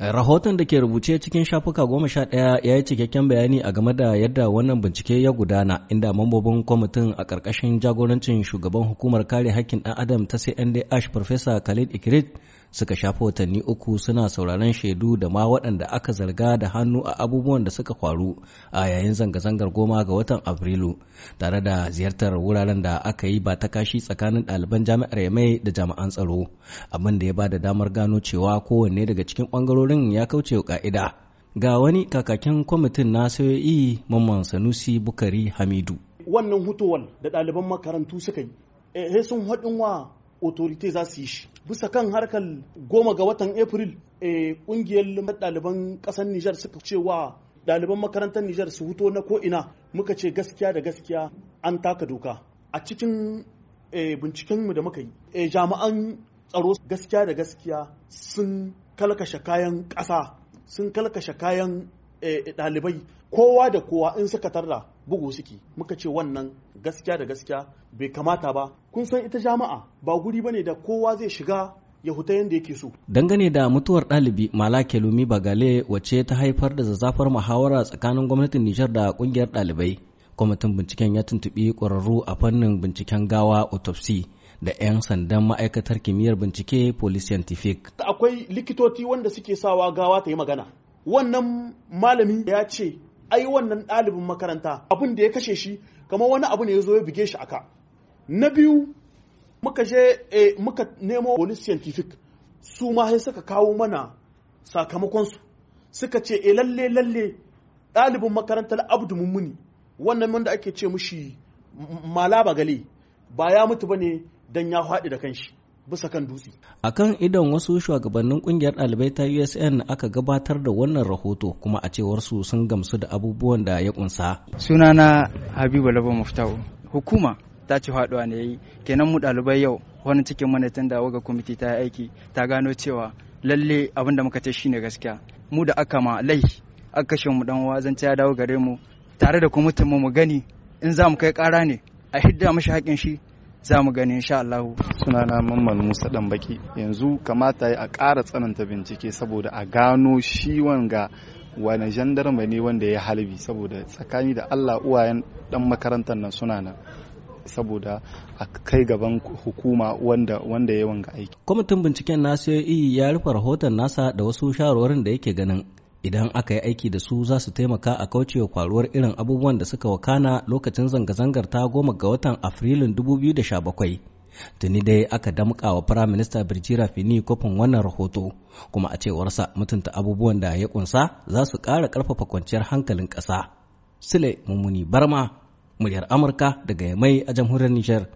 Rahoton da ke rubuce cikin shafuka goma sha ɗaya ya yi cikakken bayani a game da yadda wannan bincike ya gudana inda mambobin kwamitin a ƙarƙashin jagorancin shugaban hukumar kare haƙƙin ɗan adam ta CNDH Farfesa Khalid Ikrit suka shafi watanni uku suna sauraron shaidu da ma waɗanda aka zarga da hannu a abubuwan da suka faru a yayin zanga-zangar goma ga watan afrilu tare da ziyartar wuraren da aka yi ba ta kashi tsakanin ɗaliban jami'ar mai da jami'an tsaro abin da ya ba da damar gano cewa kowanne daga cikin ɓangarorin ya kauce wa ka'ida ga wani kakakin kwamitin na sayoyi e, mamman sanusi bukari hamidu wannan hutuwan da ɗaliban makarantu suka yi eh, sun haɗin wa otorite za su yi shi bisa kan harkar goma ga watan april kungiyar eh, ɗaliban ƙasar nijar suka ce wa ɗaliban makarantar nijar su huto na ko'ina muka ce gaskiya da gaskiya an taka doka a cikin eh, bincikenmu da muka yi eh, jami'an tsaro gaskiya da gaskiya sun kalkashe kayan ƙasa sun kalkashe kayan ɗalibai kowa da kowa in suka tarra bugu suke muka ce wannan gaskiya da gaskiya bai kamata ba kun san ita jama'a ba guri bane da kowa zai shiga ya huta yadda yake so. Dangane da mutuwar ɗalibi Mala Kelumi Bagale wacce ta haifar da zazzafar muhawara tsakanin gwamnatin Nijar da ƙungiyar ɗalibai. Kwamitin binciken ya tuntuɓi ƙwararru a fannin binciken gawa autopsy da 'yan sandan ma'aikatar kimiyyar bincike police scientific. Akwai likitoci wanda suke sawa gawa ta yi magana. Wannan malami ya ce ai wannan ɗalibin makaranta abin da ya kashe shi kamar wani abu ne ya zo ya buge shi aka na biyu muka je eh, muka nemo police scientific su ma sai suka kawo mana sakamakonsu suka ce e lalle lalle ɗalibin makarantar abdu mummuni wannan wanda ake ce mushi malaba gale ba ya mutu ba ne don ya faɗi da kanshi bisa kan dutse. A kan idon wasu shugabannin kungiyar ɗalibai ta USN aka gabatar da wannan rahoto kuma a cewar su sun gamsu da abubuwan da ya kunsa. Sunana Habibu Labo Muftau. Hukuma ta ci haɗuwa ne yi kenan mu ɗalibai yau wani cikin manatan da waga kwamiti ta aiki ta gano cewa lalle abin da muka ce shi ne gaskiya mu da aka ma lai aka kashe mu dan wazan ta dawo gare mu tare da kwamitin mu mu gani in za mu kai ƙara ne a hidda mashi haƙin shi za mu gani insha Allah sunana Mamman Musa Dambaki yanzu kamata a ƙara tsananta bincike saboda a gano shi wanga wani jandarma ne wanda ya halbi saboda tsakani da Allah uwayen dan makarantar nan suna nan saboda a kai gaban hukuma wanda wanda ya wanga aiki kwamitin binciken na e ya rufe rahoton nasa da wasu shawarwarin da yake ganin idan aka yi aiki da su za su taimaka a kaucewa kwaruwar irin abubuwan da suka wakana lokacin zanga-zangar ta goma ga watan afrilun 2017 tuni dai aka damƙa wa firaminista birjira fini kofin wannan rahoto kuma a cewarsa mutunta abubuwan da ya kunsa za su ƙara ƙarfafa kwanciyar hankalin ƙasa sule mummuni barma muryar amurka daga mai a jamhuriyar nijar